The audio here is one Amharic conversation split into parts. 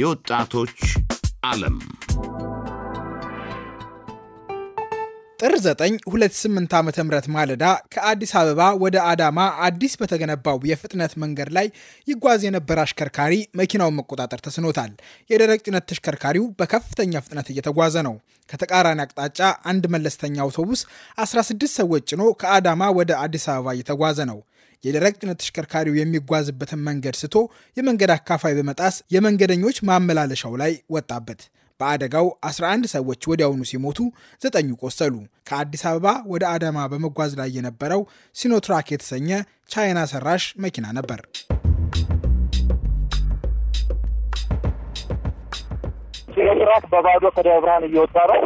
የወጣቶች ዓለም ጥር 9 28 ዓ ም ማለዳ ከአዲስ አበባ ወደ አዳማ አዲስ በተገነባው የፍጥነት መንገድ ላይ ይጓዝ የነበረ አሽከርካሪ መኪናውን መቆጣጠር ተስኖታል። የደረቅ ጭነት ተሽከርካሪው በከፍተኛ ፍጥነት እየተጓዘ ነው። ከተቃራኒ አቅጣጫ አንድ መለስተኛ አውቶቡስ 16 ሰዎች ጭኖ ከአዳማ ወደ አዲስ አበባ እየተጓዘ ነው። የደረቅ ጭነት ተሽከርካሪው የሚጓዝበትን መንገድ ስቶ የመንገድ አካፋይ በመጣስ የመንገደኞች ማመላለሻው ላይ ወጣበት። በአደጋው 11 ሰዎች ወዲያውኑ ሲሞቱ ዘጠኙ ቆሰሉ። ከአዲስ አበባ ወደ አዳማ በመጓዝ ላይ የነበረው ሲኖትራክ የተሰኘ ቻይና ሰራሽ መኪና ነበር። ኢራቅ በባዶ ከደብረ ብርሃን እየወጣ ነው።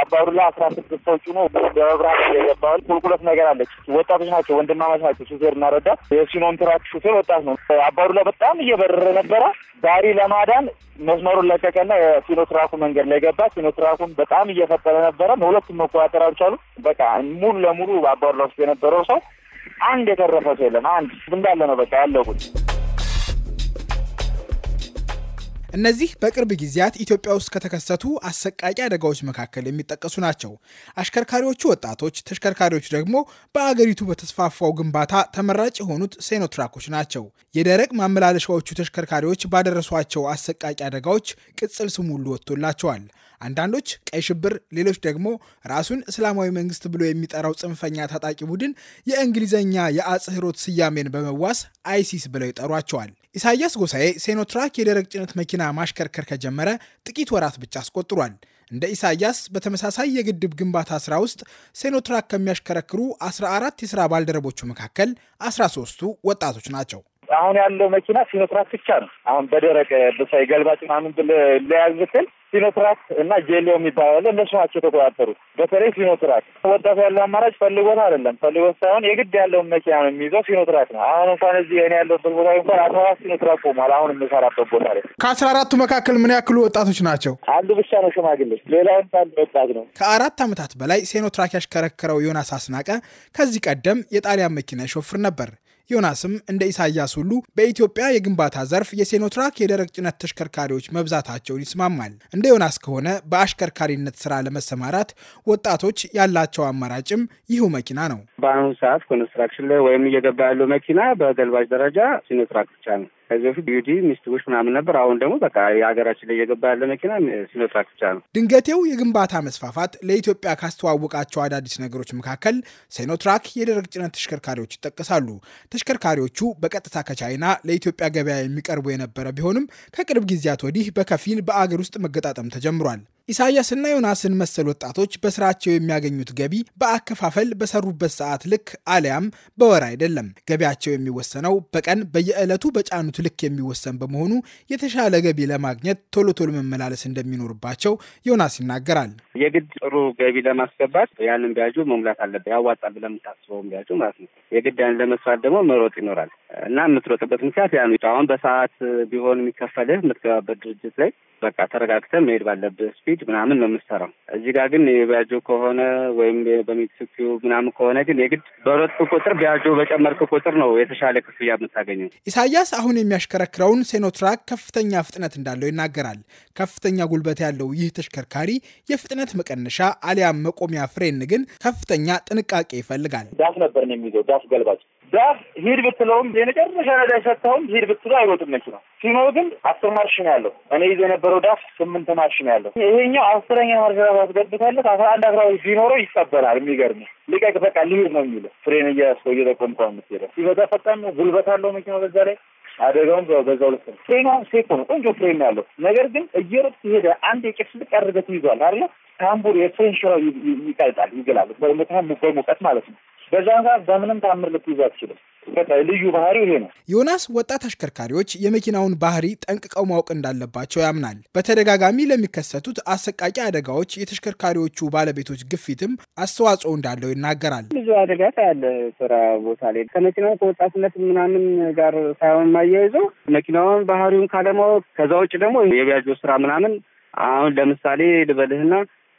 አባዱላ አስራ ስድስት ሰው ጭኖ ደብረ ብርሃን እየገባ ቁልቁለት ነገር አለች። ወጣቶች ናቸው፣ ወንድማማች ናቸው። ሹፌር እና ረዳት የሲኖን ትራክ ሹፌር ወጣት ነው። አባዱላ በጣም እየበረረ ነበረ። ዳሪ ለማዳን መስመሩን ለቀቀና የሲኖ ትራኩ መንገድ ላይ ገባ። ሲኖ ትራኩን በጣም እየፈጠረ ነበረ። ሁለቱም መቆጣጠር አልቻሉ። በቃ ሙሉ ለሙሉ አባዱላ ውስጥ የነበረው ሰው አንድ የተረፈ ሰው የለም። አንድ እንዳለ ነው በቃ ያለቁት። እነዚህ በቅርብ ጊዜያት ኢትዮጵያ ውስጥ ከተከሰቱ አሰቃቂ አደጋዎች መካከል የሚጠቀሱ ናቸው። አሽከርካሪዎቹ ወጣቶች፣ ተሽከርካሪዎቹ ደግሞ በአገሪቱ በተስፋፋው ግንባታ ተመራጭ የሆኑት ሴኖትራኮች ናቸው። የደረቅ ማመላለሻዎቹ ተሽከርካሪዎች ባደረሷቸው አሰቃቂ አደጋዎች ቅጽል ስም ሁሉ ወጥቶላቸዋል። አንዳንዶች ቀይ ሽብር፣ ሌሎች ደግሞ ራሱን እስላማዊ መንግስት ብሎ የሚጠራው ጽንፈኛ ታጣቂ ቡድን የእንግሊዝኛ የአጽህሮት ስያሜን በመዋስ አይሲስ ብለው ይጠሯቸዋል። ኢሳያስ ጎሳኤ ሴኖትራክ የደረቅ ጭነት መኪና ማሽከርከር ከጀመረ ጥቂት ወራት ብቻ አስቆጥሯል። እንደ ኢሳያስ በተመሳሳይ የግድብ ግንባታ ስራ ውስጥ ሴኖትራክ ከሚያሽከረክሩ 14 የስራ ባልደረቦቹ መካከል 13ቱ ወጣቶች ናቸው። አሁን ያለው መኪና ሲኖትራክ ብቻ ነው። አሁን በደረቅ ብሳይ ገልባጭ ምናምን ብለህ ብትል ሲኖትራክ እና ጄሊዮ የሚባለው አለ። እነሱ ናቸው የተቆጣጠሩት። በተለይ ሲኖትራክ ወጣቱ ያለው አማራጭ ፈልጎት አይደለም ፈልጎት ሳይሆን የግድ ያለውን መኪና ነው የሚይዘው። ሲኖትራክ ነው። አሁን እንኳን እዚህ እኔ ያለሁበት ቦታ እንኳን አስራ አራት ሲኖትራክ ቆሟል። አሁን የምሰራበት ቦታ ላይ ከአስራ አራቱ መካከል ምን ያክሉ ወጣቶች ናቸው? አንዱ ብቻ ነው ሽማግሌ፣ ሌላውን አንድ ወጣት ነው። ከአራት ዓመታት በላይ ሲኖትራክ ያሽከረከረው ዮናስ አስናቀ ከዚህ ቀደም የጣሊያን መኪና ይሾፍር ነበር። ዮናስም እንደ ኢሳያስ ሁሉ በኢትዮጵያ የግንባታ ዘርፍ የሴኖትራክ የደረቅ ጭነት ተሽከርካሪዎች መብዛታቸውን ይስማማል። እንደ ዮናስ ከሆነ በአሽከርካሪነት ስራ ለመሰማራት ወጣቶች ያላቸው አማራጭም ይሁ መኪና ነው። በአሁኑ ሰዓት ኮንስትራክሽን ላይ ወይም እየገባ ያለው መኪና በገልባጭ ደረጃ ሲኖትራክ ብቻ ነው። ከዚህ በፊት ዩዲ ሚስቲጎች ምናምን ነበር። አሁን ደግሞ በቃ የሀገራችን ላይ እየገባ ያለ መኪና ሲኖትራክ ብቻ ነው። ድንገቴው የግንባታ መስፋፋት ለኢትዮጵያ ካስተዋወቃቸው አዳዲስ ነገሮች መካከል ሴኖትራክ የደረቅ ጭነት ተሽከርካሪዎች ይጠቀሳሉ። ተሽከርካሪዎቹ በቀጥታ ከቻይና ለኢትዮጵያ ገበያ የሚቀርቡ የነበረ ቢሆንም ከቅርብ ጊዜያት ወዲህ በከፊል በአገር ውስጥ መገጣጠም ተጀምሯል። ኢሳያስና ዮናስን መሰል ወጣቶች በስራቸው የሚያገኙት ገቢ በአከፋፈል በሰሩበት ሰዓት ልክ አሊያም በወር አይደለም። ገቢያቸው የሚወሰነው በቀን በየዕለቱ በጫኑት ልክ የሚወሰን በመሆኑ የተሻለ ገቢ ለማግኘት ቶሎ ቶሎ መመላለስ እንደሚኖርባቸው ዮናስ ይናገራል። የግድ ጥሩ ገቢ ለማስገባት ያንን ቢያጁ መሙላት አለበት። ያዋጣል ብለህ የምታስበውን ቢያጁ ማለት ነው። የግድ ያን ለመስራት ደግሞ መሮጥ ይኖራል እና የምትሮጥበት ምክንያት ያ አሁን በሰዓት ቢሆን የሚከፈልህ የምትገባበት ድርጅት ላይ በቃ ተረጋግተን መሄድ ባለብህ ስፒድ ምናምን ነው የምሰራው። እዚህ ጋር ግን የቢያጆ ከሆነ ወይም በሜክሲኮ ምናምን ከሆነ ግን የግድ በሮጥክ ቁጥር ቢያጆ በጨመርክ ቁጥር ነው የተሻለ ክፍያ የምታገኘው። ኢሳያስ አሁን የሚያሽከረክረውን ሴኖትራክ ከፍተኛ ፍጥነት እንዳለው ይናገራል። ከፍተኛ ጉልበት ያለው ይህ ተሽከርካሪ የፍጥነት መቀነሻ አሊያም መቆሚያ ፍሬን ግን ከፍተኛ ጥንቃቄ ይፈልጋል። ዳስ ነበር የሚይዘው ገልባጭ ዳር ሂድ ብትለውም የመጨረሻ ነዳጅ ሰጥተውም ሂድ ብትለው አይሮጥም መኪና። ሲኖ ግን አስር ማርሽ ነው ያለው። እኔ ይዞ የነበረው ዳፍ ስምንት ማርሽ ነው ያለው። ይሄኛው አስረኛ ማርሽ ራሱ አስገብታለት አስራ አንድ አስራ ሁለት ሲኖረው ይቀበላል። የሚገርም ልቀቅ፣ በቃ ልሂድ ነው የሚለው። ፍሬን እያስኮ እየጠቆምኳ የምትሄደው ሲበዛ ፈጣን ነው፣ ጉልበት አለው መኪናው በዛ ላይ አደጋውም በዛ ሁለት ነው። ፍሬኑ ሴፍ ነው፣ ቆንጆ ፍሬን ያለው ነገር ግን እየሮጥ ሲሄደ አንድ የቄስ ልቅ ያደርገት ይዟል አለ ታምቡር የፍሬን ሽራው ይቀልጣል፣ ይገላል በሙቀት ማለት ነው። በዛን ሰዓት በምንም ታምር ልትይዝ አትችልም። ልዩ ባህሪው ይሄ ነው። ዮናስ ወጣት አሽከርካሪዎች የመኪናውን ባህሪ ጠንቅቀው ማወቅ እንዳለባቸው ያምናል። በተደጋጋሚ ለሚከሰቱት አሰቃቂ አደጋዎች የተሽከርካሪዎቹ ባለቤቶች ግፊትም አስተዋጽኦ እንዳለው ይናገራል። ብዙ አደጋ ያለ ስራ ቦታ ላይ ከመኪናው ከወጣትነት ምናምን ጋር ሳይሆን ማያይዘው መኪናውን ባህሪውን ካለማወቅ ከዛ ውጭ ደግሞ የቢያጆ ስራ ምናምን አሁን ለምሳሌ ልበልህና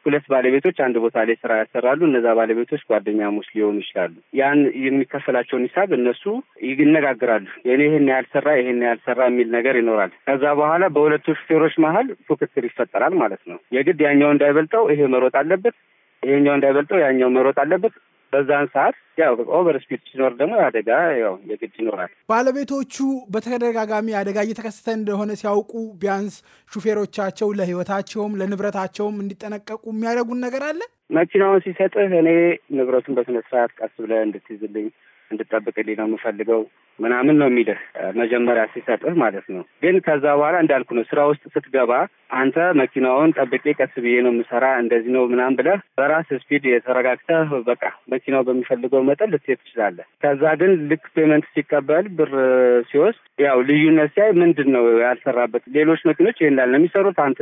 ሁለት ባለቤቶች አንድ ቦታ ላይ ስራ ያሰራሉ። እነዛ ባለቤቶች ጓደኛሞች ሊሆኑ ይችላሉ። ያን የሚከፈላቸውን ሂሳብ እነሱ ይነጋግራሉ። የኔ ይህን ያልሰራ ይህን ያልሰራ የሚል ነገር ይኖራል። ከዛ በኋላ በሁለቱ ሹፌሮች መሀል ፉክክር ይፈጠራል ማለት ነው። የግድ ያኛው እንዳይበልጠው ይሄ መሮጥ አለበት፣ ይሄኛው እንዳይበልጠው ያኛው መሮጥ አለበት። በዛን ሰዓት ያው ኦቨር ስፒድ ሲኖር ደግሞ አደጋ ያው የግድ ይኖራል። ባለቤቶቹ በተደጋጋሚ አደጋ እየተከሰተ እንደሆነ ሲያውቁ ቢያንስ ሹፌሮቻቸው ለህይወታቸውም ለንብረታቸውም እንዲጠነቀቁ የሚያደርጉን ነገር አለ። መኪናውን ሲሰጥህ እኔ ንብረቱን በስነ ስርዓት ቀስ ብለህ እንድትይዝልኝ እንድጠብቅልኝ ነው የምፈልገው ምናምን ነው የሚልህ መጀመሪያ ሲሰጥህ ማለት ነው። ግን ከዛ በኋላ እንዳልኩ ነው ስራ ውስጥ ስትገባ አንተ መኪናውን ጠብቄ ቀስ ብዬ ነው የምሰራ እንደዚህ ነው ምናምን ብለህ በራስ ስፒድ የተረጋግተህ በቃ መኪናው በሚፈልገው መጠን ልትሄድ ትችላለህ። ከዛ ግን ልክ ፔመንት ሲቀበል ብር ሲወስድ ያው ልዩነት ሲያይ ምንድን ነው ያልሰራበት ሌሎች መኪኖች ይሄን ያህል ነው የሚሰሩት አንተ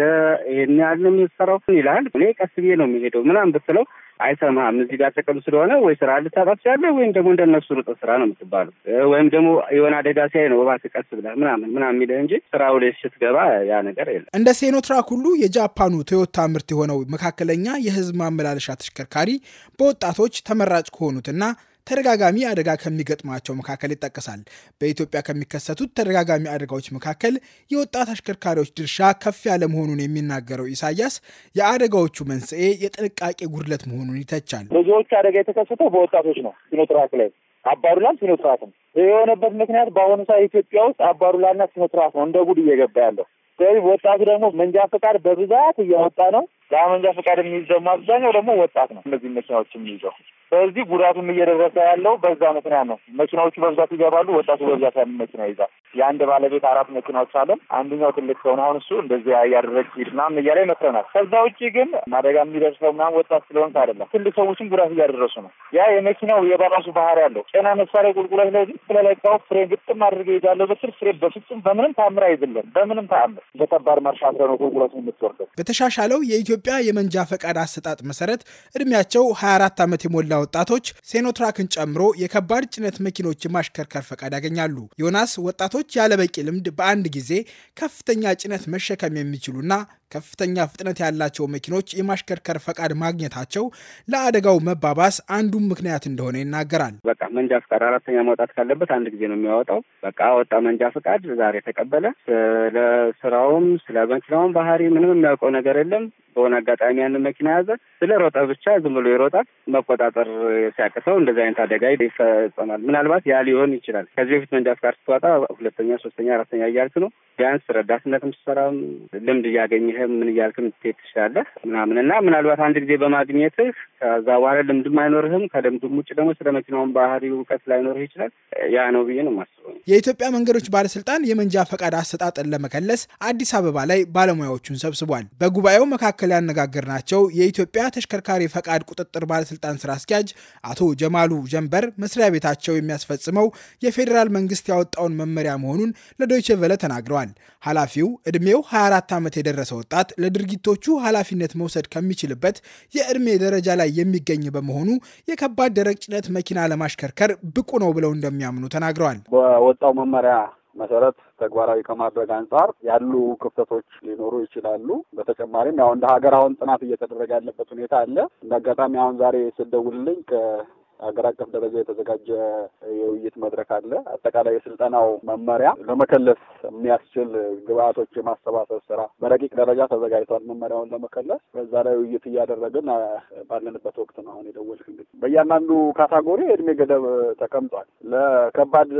ይሄን ያህል ነው የምሰራው ይላል። እኔ ቀስ ብዬ ነው የሚሄደው ምናምን ብትለው አይሰማህም። እዚህ ጋር ተቀሉ ስለሆነ ወይ ስራ ልታጣ ትችላለህ፣ ወይም ደግሞ እንደነሱ ሩጠህ ስራ ነው የምትባለው። ወይም ደግሞ የሆነ አደጋ ሲያይ ነው እባክህ ቀስ ብለህ ምናምን ምናምን የሚልህ እንጂ ስራው ላይ ስትገባ ያ ነገር የለም። እንደ ሴኖትራክ ሁሉ የጃፓኑ ቶዮታ ምርት የሆነው መካከለኛ የህዝብ ማመላለሻ ተሽከርካሪ በወጣቶች ተመራጭ ከሆኑትና ተደጋጋሚ አደጋ ከሚገጥማቸው መካከል ይጠቀሳል። በኢትዮጵያ ከሚከሰቱት ተደጋጋሚ አደጋዎች መካከል የወጣት አሽከርካሪዎች ድርሻ ከፍ ያለ መሆኑን የሚናገረው ኢሳያስ የአደጋዎቹ መንስኤ የጥንቃቄ ጉድለት መሆኑን ይተቻል። ብዙዎቹ አደጋ የተከሰተው በወጣቶች ነው። ሲኖትራክ ላይ አባዱላን ሲኖትራክ ነው የሆነበት ምክንያት በአሁኑ ሰዓት ኢትዮጵያ ውስጥ አባዱላና ሲኖትራክ ነው እንደ ጉድ እየገባ ያለው ስለዚህ ወጣቱ ደግሞ መንጃ ፈቃድ በብዛት እያወጣ ነው። መንጃ ፈቃድ የሚይዘው አብዛኛው ደግሞ ወጣት ነው። እነዚህ መኪናዎች የሚይዘው ስለዚህ ጉዳቱም እየደረሰ ያለው በዛ ምክንያት ነው። መኪናዎቹ በብዛት ይገባሉ፣ ወጣቱ በብዛት ያን መኪና ይዛል። የአንድ ባለቤት አራት መኪናዎች አለን። አንደኛው ትልቅ ሰውን አሁን እሱ እንደዚህ እያደረግ ሂድ ምናምን እያለ ይመክረናል። ከዛ ውጭ ግን አደጋ የሚደርሰው ምናምን ወጣት ስለሆንክ አይደለም። ትልቅ ሰዎችም ጉዳት እያደረሱ ነው። ያ የመኪናው የባባሱ ባህሪ ያለው ጤና መሳሪያ ቁልቁለት ላይ ስለለቃው ፍሬ ግጥም አድርገ ይዛለሁ። በስር ፍሬ በፍጹም በምንም ታምር አይዝለን፣ በምንም ታምር በከባድ ማርሻ ነው ቁልቁለቱ የምትወርደው። በተሻሻለው የኢትዮጵያ የመንጃ ፈቃድ አሰጣጥ መሰረት እድሜያቸው 24 ዓመት የሞላ ወጣቶች ሴኖትራክን ጨምሮ የከባድ ጭነት መኪኖች የማሽከርከር ፈቃድ ያገኛሉ። ዮናስ ወጣቶች ያለበቂ ልምድ በአንድ ጊዜ ከፍተኛ ጭነት መሸከም የሚችሉና ከፍተኛ ፍጥነት ያላቸው መኪኖች የማሽከርከር ፈቃድ ማግኘታቸው ለአደጋው መባባስ አንዱ ምክንያት እንደሆነ ይናገራል። በቃ መንጃ ፈቃድ አራተኛ መውጣት ካለበት አንድ ጊዜ ነው የሚያወጣው። በቃ ወጣ መንጃ ፈቃድ ዛሬ ተቀበለ። ስለ ስራውም ስለ መኪናውም ባህሪ ምንም የሚያውቀው ነገር የለም። በሆነ አጋጣሚ ያንን መኪና ያዘ። ስለ ሮጠ ብቻ ዝም ብሎ ይሮጣል። መቆጣጠር ሲያቅተው እንደዚህ አይነት አደጋ ይፈጸማል። ምናልባት ያ ሊሆን ይችላል። ከዚህ በፊት መንጃ ፈቃድ ስትወጣ ሁለተኛ፣ ሶስተኛ፣ አራተኛ እያልክ ነው ቢያንስ ረዳትነትም ስትሰራም ልምድ እያገኘህ ምን እያልክም ትሄድ ትችላለህ ምናምን እና ምናልባት አንድ ጊዜ በማግኘትህ ከዛ በኋላ ልምድም አይኖርህም። ከልምድም ውጭ ደግሞ ስለ መኪናውን ባህሪ እውቀት ላይኖርህ ይችላል። ያ ነው ብዬ ነው የማስበው። የኢትዮጵያ መንገዶች ባለስልጣን የመንጃ ፈቃድ አሰጣጥን ለመከለስ አዲስ አበባ ላይ ባለሙያዎቹን ሰብስቧል። በጉባኤው መካከል ያነጋገርናቸው የኢትዮጵያ ተሽከርካሪ ፈቃድ ቁጥጥር ባለስልጣን ስራ አስኪያጅ አቶ ጀማሉ ጀንበር መስሪያ ቤታቸው የሚያስፈጽመው የፌዴራል መንግስት ያወጣውን መመሪያ መሆኑን ለዶይቼ ቬለ ተናግረዋል። ተናግረዋል። ኃላፊው ዕድሜው 24 ዓመት የደረሰ ወጣት ለድርጊቶቹ ኃላፊነት መውሰድ ከሚችልበት የዕድሜ ደረጃ ላይ የሚገኝ በመሆኑ የከባድ ደረቅ ጭነት መኪና ለማሽከርከር ብቁ ነው ብለው እንደሚያምኑ ተናግረዋል። በወጣው መመሪያ መሰረት ተግባራዊ ከማድረግ አንጻር ያሉ ክፍተቶች ሊኖሩ ይችላሉ። በተጨማሪም ያው እንደ ሀገር አሁን ጥናት እየተደረገ ያለበት ሁኔታ አለ። እንደ አጋጣሚ አሁን ዛሬ ስደውልልኝ ሀገር አቀፍ ደረጃ የተዘጋጀ የውይይት መድረክ አለ። አጠቃላይ የስልጠናው መመሪያ ለመከለስ የሚያስችል ግብአቶች የማሰባሰብ ስራ በረቂቅ ደረጃ ተዘጋጅቷል። መመሪያውን ለመከለስ በዛ ላይ ውይይት እያደረግን ባለንበት ወቅት ነው አሁን የደወልክ። በእያንዳንዱ ካታጎሪ የእድሜ ገደብ ተቀምጧል። ለከባድ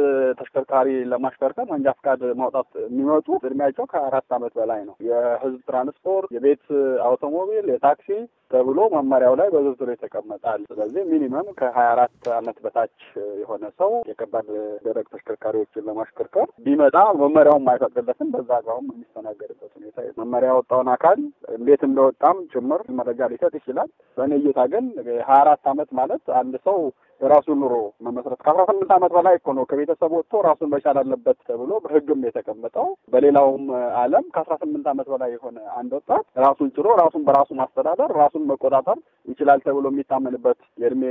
ተሽከርካሪ ለማሽከርከር መንጃ ፍቃድ ማውጣት የሚመጡ እድሜያቸው ከአራት ዓመት በላይ ነው። የህዝብ ትራንስፖርት፣ የቤት አውቶሞቢል፣ የታክሲ ተብሎ መመሪያው ላይ በዝርዝሩ ይተቀመጣል። ስለዚህ ሚኒመም ከሀያ አራት አመት በታች የሆነ ሰው የከባድ ደረቅ ተሽከርካሪዎችን ለማሽከርከር ቢመጣ መመሪያውም አይፈቅድለትም። በዛ አግባቡም የሚስተናገድበት ሁኔታ መመሪያ ወጣውን አካል እንዴት እንደወጣም ጭምር መረጃ ሊሰጥ ይችላል። በእኔ እይታ ግን የሀያ አራት አመት ማለት አንድ ሰው የራሱን ኑሮ መመስረት ከአስራ ስምንት ዓመት በላይ እኮ ነው ከቤተሰብ ወጥቶ ራሱን መቻል አለበት ተብሎ በህግም የተቀመጠው። በሌላውም ዓለም ከአስራ ስምንት ዓመት በላይ የሆነ አንድ ወጣት ራሱን ችሎ ራሱን በራሱ ማስተዳደር ራሱን መቆጣጠር ይችላል ተብሎ የሚታመንበት የእድሜ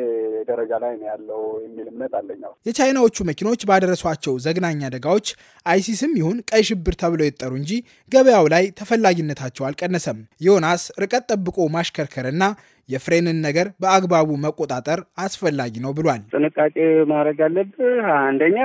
ደረጃ ላይ ነው ያለው የሚል እምነት አለኛው። የቻይናዎቹ መኪኖች ባደረሷቸው ዘግናኝ አደጋዎች አይሲስም ይሁን ቀይ ሽብር ተብለው ይጠሩ እንጂ ገበያው ላይ ተፈላጊነታቸው አልቀነሰም። ዮናስ ርቀት ጠብቆ ማሽከርከርና የፍሬንን ነገር በአግባቡ መቆጣጠር አስፈላጊ ነው ብሏል። ጥንቃቄ ማድረግ አለብ አንደኛ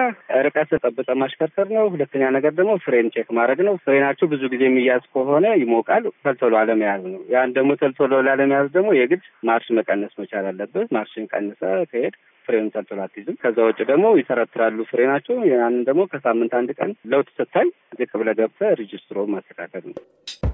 ርቀት ጠብቀ ማሽከርከር ነው። ሁለተኛ ነገር ደግሞ ፍሬን ቼክ ማድረግ ነው። ፍሬናችሁ ብዙ ጊዜ የሚያዝ ከሆነ ይሞቃል። ተልቶሎ አለመያዝ ነው። ያን ደግሞ ተልቶሎ ላለመያዝ ደግሞ የግድ ማርሽ መቀነስ መቻል አለብህ። ማርሽን ቀንሰ ከሄድ ፍሬን ተልቶሎ አትይዝም። ከዛ ውጭ ደግሞ ይተረትራሉ ፍሬናቸው። ያንን ደግሞ ከሳምንት አንድ ቀን ለውጥ ስታይ ዝቅ ብለህ ገብተህ ማስተካከል ነው።